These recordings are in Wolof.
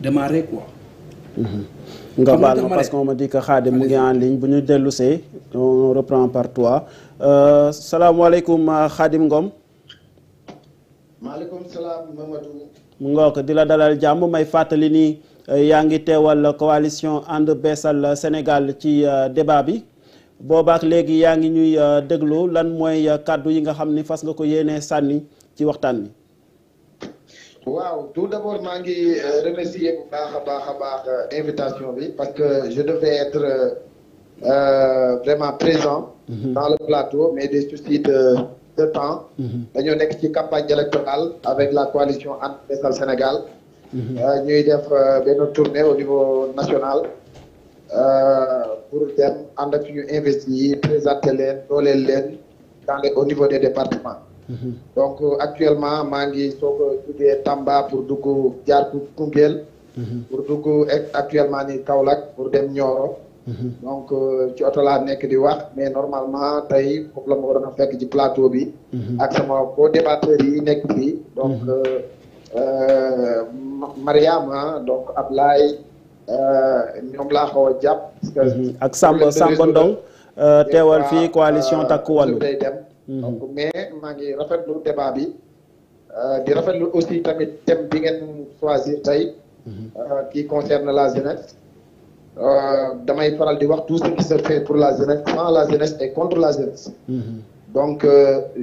démarrer quoi. Mhm. nga baal ma parce qu'on m'a dit que mu ngi en ligne bu ñu dellu see on reprend par toi euh, salaamaaleykum euh, Khadim Ngom. maaleykum salaam Mamadou. di la dalal jàmm may fàttali nii euh, yaa ngi teewal coalition ànd beesal Sénégal ci débat bi boobaak léegi yaa ngi ñuy déglu lan mooy kàddu yi nga xam ni fas nga ko yéenee sànni ci waxtaan bi. waaw tout d'abord maa ngi euh, remercier bu baax a baax a baax euh, invitation bi parce que je devais être euh, vraiment présent mm -hmm. dans le plateau mais des soucis de de temps mhm. dañoo nekk ci campagne électorale avec la coalition And Besal Sénégal mhm. ñuy def benn tournée au niveau national euh, pour dem ànd ak ñu yi présenter leen dooleel leen dans les au niveau des départements Mm-hmm. donc actuellement maa ngi soo Tamba pour dugg jaar Koungheul. Mm-hmm. pour dugg actuellement ni Kaolack pour dem Nioro. Mm-hmm. donc euh, ci oto laa nekk di wax mais normalement tey foofu la ci plateau bi. ak sama co yi nekk fii. donc euh, euh, Mariama ah, donc Ablaye ñoom laa xaw a jàpp. parce que ak Samba Samba Ndong teewal fii coalition takku wàllu. donc mhm. mais maa ngi rafetlu débat bi euh, di rafetlu aussi tamit thème bi ngeen choisir tey. Mhm. Euh, qui concerne la jeunesse. Euh, damay faral di wax tout ce qui se fait pour la jeunesse sans la jeunesse et contre la jeunesse. Mhm. donc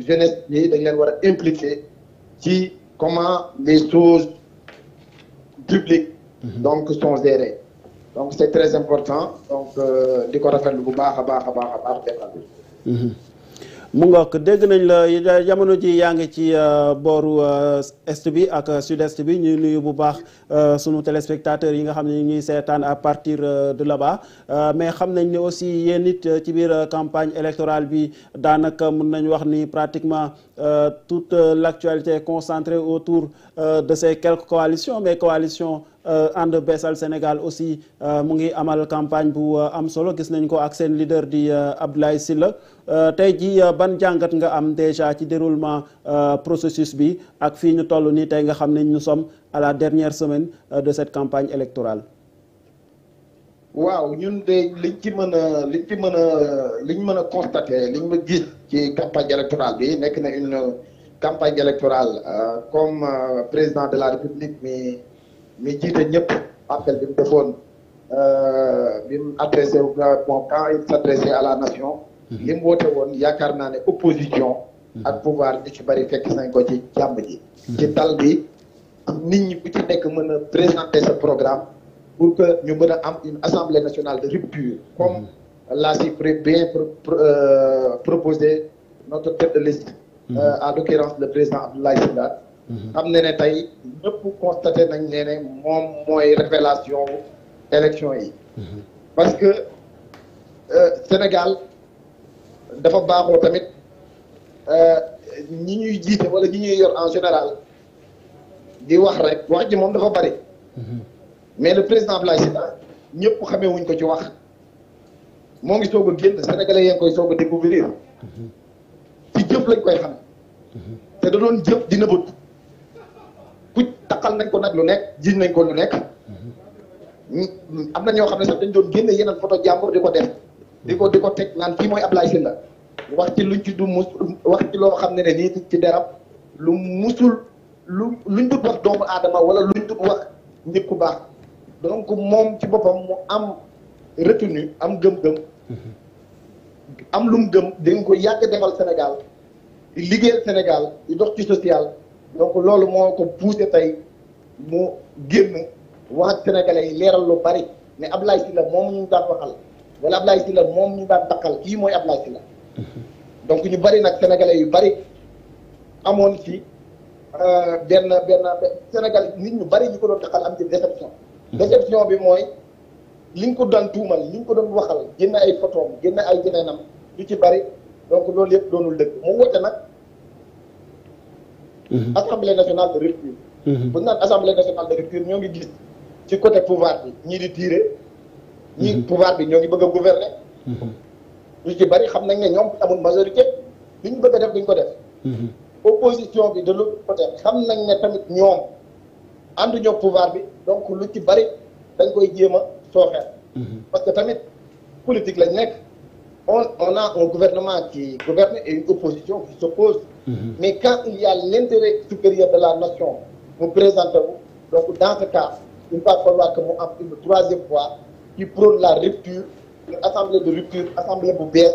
jeunesse bi dañ leen war a impliquer ci comment les choses publiques. donc sont gérées. donc c'est très important donc di ko rafetlu bu baax a baax a baax a baax débat bi. mu ngook dégg nañ la jamono ji yaa ngi ci euh, booru euh, est bi ak euh, sud est bi ñuy nuyu bu baax sunu téléspectateurs yi nga xam ne ñuy seetaan à partir de là-bas mais xam nañ ne aussi yéen it ci biir campagne électorale bi daanaka mun nañu wax ni pratiquement toute l'actualité est concentrée autour de ces quelques coalitions mais coalition ànd euh, beesal Sénégal aussi euh, mu ngi amal campagne bu euh, am solo gis nañ ko ak seen leader di Abdoulaye Sylla tey ji ban jàngat nga am déjà ci déroulement processus bi ak fii ñu toll nii tey nga xam ne ñu sommes à la dernière semaine de cette campagne électorale waaw ñun de liñ ci mën a li ci mën a liñ mën a constater liñ ma gis ci campagne électorale bi nekk na une campagne électorale comme président de la république mi mi jiite ñëpp appel bi mu defoon euh, bi mu adressé bon quand il s'adressait à la nation. Mhm. li woote woon yaakaar naa ne opposition. Mhm. ak pouvoir ñu ci bari fekk nañ ko ci jàmm ji. Mhm. ci dal bi nit ñi bu ci nekk mën a présenter ce programme pour que ñu mën a am une assemblée nationale de rupture comme l'a si bien euh, proposé notre tête de liste. Euh, à l'occurrence le président Abdoulaye Sylla xam ne ne tey ñëpp constaté nañ ne ne moom mooy révélation élection yi mhm. parce que euh, Sénégal dafa baaxoo tamit euh, ñi ñuy jiite wala ñi ñuy yor en général di wax rek wax ji moom dafa bari mhm. mais le président Abdoulaye Sylla ñëpp xamee wuñ ko ci wax moo ngi soog a génn sénégalais yaa ngi koy soog a découvrir mhm. ci jëf lañ koy xam te da doon jëf dina bët pucc takkal nañ ko nag lu nekk jiiñ nañ ko lu nekk am na ñoo xam ne sax dañ doon génne yeneen photo jàmbur di ko def di ko di ko teg naan fii mooy Ablaye Sylla wax ci luñ ci du mus wax ci loo xam ne ne nii ci deram lu musul lu luñ dut wax doomu aadama wala luñ dut wax nit ku baax donc moom ci boppam mu am retenu am gëm-gëm am lum gëm dañ ko yàgg demal Sénégal liggéeyal Sénégal di dox ci social donc loolu moo ko poussé tey mu génn wax ak sénégalais yi leeral lu bari mais Ablaye Sylla moom ñu daan waxal wala Ablaye Sylla moom ñu daan daqal kii mooy Ablaye Sylla donc ñu bari nag sénégalais yu bari amoon ci euh, benn benn Sénégal nit ñu bari ñu ko doon daqal am ci déception. Hmm. déception bi mooy li nga ko doon tuumal li nga ko doon waxal génn ay photoom génn ay yeneenam lu ci bari donc loolu yëpp doonul dëgg mu wote nag. Mm-hmm. assemblée nationale de rupture. Mm-hmm. bu ñu naan assemblée nationale de rupture ñoo ngi gis ci côté pouvoir bi ñii di tirer. ñii mm-hmm. pouvoir bi ñoo ngi bëgg a gouverner. ñu ci bari xam nañ ne ñoom amul majorité li ñu bëgg a def duñ ko def. opposition bi de l'autre côté xam nañ ne tamit ñoom ànduñoo pouvoir bi donc lu ci bari dañ koy jéem a sooxeel. parce que tamit politique lañ nekk. on, on, a un gouvernement qui gouverne et une opposition qui s'oppose. Mhm. Mais quand il y l'intérêt supérieur de la nation, nous présentons. Donc, dans ce cas, il va falloir que nous une troisième fois qui prône la rupture, une assemblée de rupture, assemblée bu bees,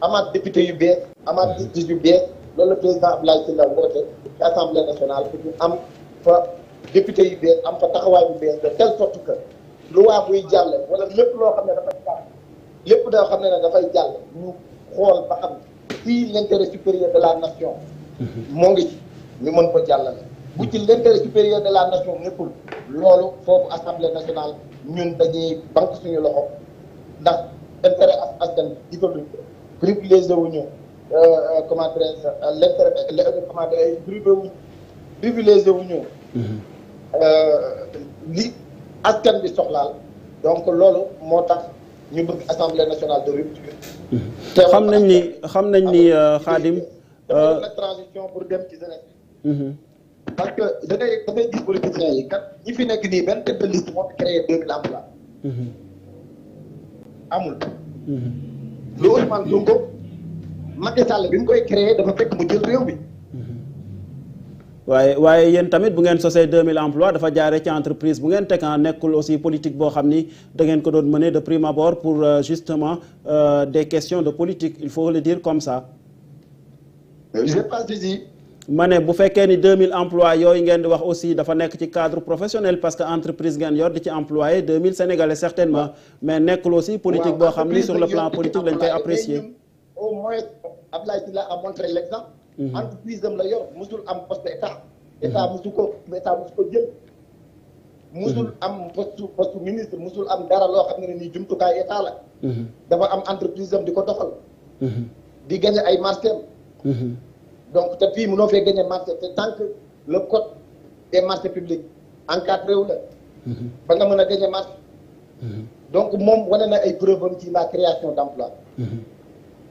amaat député yu bees, amaat mhm. justice yu bees, loolu le président Abdoulaye Sylla la woote assemblée nationale pour ñu am fa député yu bees am fa taxawaay bu bees de telle sorte que loi buy jàll wala lépp loo xam ne dafa lépp da xam ne ne dafay jàll ñu xool ba xam si l'intérêt supérieur de la nation mm-hmm. moo ngi ci ñu mën ko jàllale bu ci l'intérêt supérieur de la nation nekkul loolu foofu assemblée nationale ñun dañuy banque suñu loxo ndax intérêt ak askan bi ko privilégié wuñu euh, comment dirais mm-hmm. euh, li askan bi soxlaal donc loolu moo tax ñu bëgg assemblée nationale mm-hmm. xam nañ ni xam nañ ni xaadim. Euh, dafa euh, nekk pour dem ci jeunesse mm-hmm. parce que da ngay da ngay gis politiciens yi kat fi nekk nii benn tête de liste moo fi créé deux mille emplois. Mm-hmm. amul. lu Ousmane Sonko Macky Sall bi mu koy créé dafa fekk mu jël réew mi. waaye waaye yéen tamit bu ngeen sosee 2000 emplois dafa jaaree ci entreprise bu ngeen teg ah nekkul aussi politique boo xam ni da ngeen ko doon mener de prime abord pour euh, justement euh, des questions de politique il faut le dire comme ça. ma ne bu fekkee ni 2000 emplois yooyu ngeen di wax aussi dafa nekk ci cadre professionnel parce que entreprise ngeen yor di ci employé 2000 sénégalais certainement mais nekkul aussi politique boo xam ni sur le plan politique lañ Mm-hmm. entreprise am la yor musul am poste état. état mm-hmm. musu ko état musu ko jël. musul mm-hmm. am post poste ministre musul am dara loo xam ne nii jumtukaay état la. dafa am entreprise di ko doxal. di gagné ay marché donc te fii mënoo fee gagné marché te tant que le code des marchés publics encadré wu la. ba nga mën a gagné marché. donc moom wane na ay preuve am ci la création d' emploi.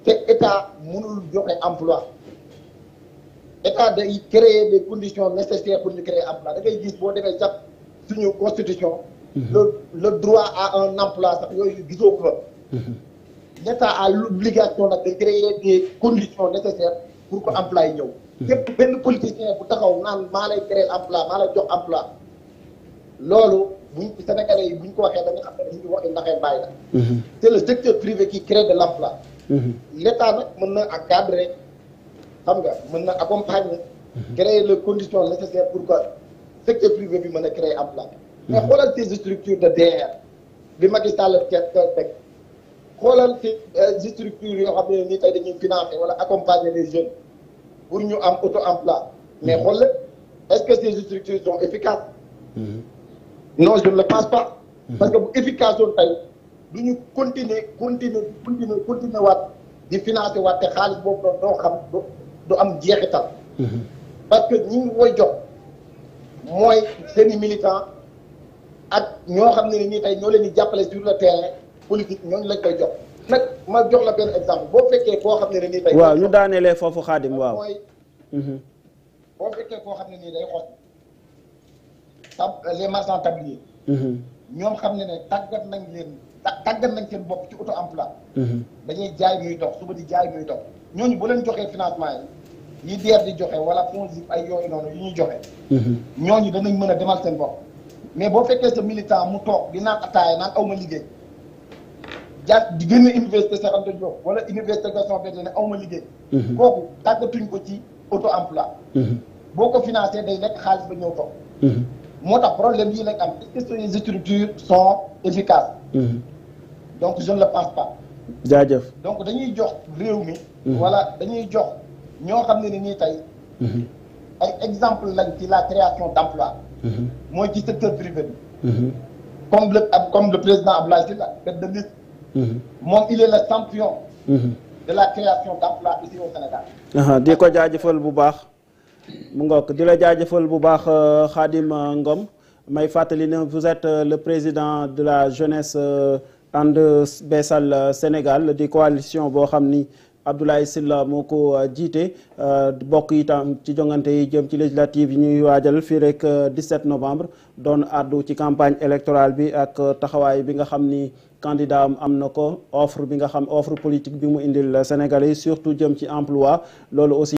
te état mënul joxe emploi. état day créer les conditions nécessaires pour ñu créer emploi da ngay gis boo demee sax suñu constitution mhm. le le droit à un emploi sax yooyu gisoo ko fa mhm. l'état a l'obligation nag de créer de conditions nécessaires pour ko emploi yi ñëw mhm. képp benn politicien bu taxaw naan maa lay créer emploi maa lay jox emploi loolu buñ Sénégalais yi bu ñu ko waxee dañu xam ne dañuy wax ndaxee bàyyi la c'est le secteur privé qui crée de l'emploi l'état nag mën na encadrer xam nga mën na accompagner. Mhm. créer le condition nécessaires pour que secteur privé bi mën a créer emploi. Mhm. mais xoolal ces structures de DR bi Macky Sall teg xoolal euh, ces structures yoo xam ne nii tey dañuy financer wala accompagner les jeunes pour ñu am auto emploi mais mhm. xool est-ce que ces structures son efficaces. non je ne le pas. parce que bu efficace woon tey du ñu continuer continuer continuer continuer waat di financer waat te xaalis boobu noonu du am jeexital. parce que ñi ngi koy jox mooy seeni militant ak ñoo xam ne nii tey ñoo leen yu jàppale sur la terrain politique ñooñu lañ koy jox nag ma jox la benn exemple boo fekkee koo xam ne nii tey. waaw ñu daanelee foofu xaadim waaw. Mhm. boo fekkee koo xam ne nii day xool tab les marchands tabliers. Mhm. ñoom xam ne ne tàggat nañ leen tàggat nañ seen bopp ci auto emploi. Mhm. dañuy jaay muy dox suba di jaay muy dox ñooñu bu leen joxee financement yi. yi DER di joxe wala fonds ay yooyu noonu yu ñu joxe. ñooñu danañ mën a demal seen bopp. mais boo fekkee sa militant mu toog di naan ataaya naan aw ma liggéey ja di gën a université Cheikh Anta Diop wala université Gaston ne aw ma liggéey. Mhm. kooku tàggatuñ ko ci auto emploi. Mhm. boo ko financé day nekk xaalis ba ñëw toog. Mhm. moo tax problème yi lañ am est-ce que ces structures sont donc je ne le pense pas. jaajëf donc dañuy jox réew mi. wala dañuy jox. ñoo xam ne ni tey. Mhm. exemple lañ ci la création d' emploi. Mhm. ci secteur privé mhm. comme le président Abdoulaye Sylla de liste. de la création d' emploi ici au Sénégal. di ko jaajëfal bu baax mu ngook di la jaajëfal bu baax euh, Khadim euh, Ngom may fàttali ne vous êtes euh, le président de la jeunesse ànd beesal Sénégal di coalition boo xam ni. Abdoulaye Sylla moo ko euh, jiite euh, bokk itam ci jongante yi jëm ci législative yi ñuy waajal fii rek 17 euh, novembre doon àddu ci campagne électorale bi ak taxawaay bi nga xam ni candidat am na ko offre bi nga xam offre politique bi mu indil Sénégalais surtout jëm ci emploi loolu aussi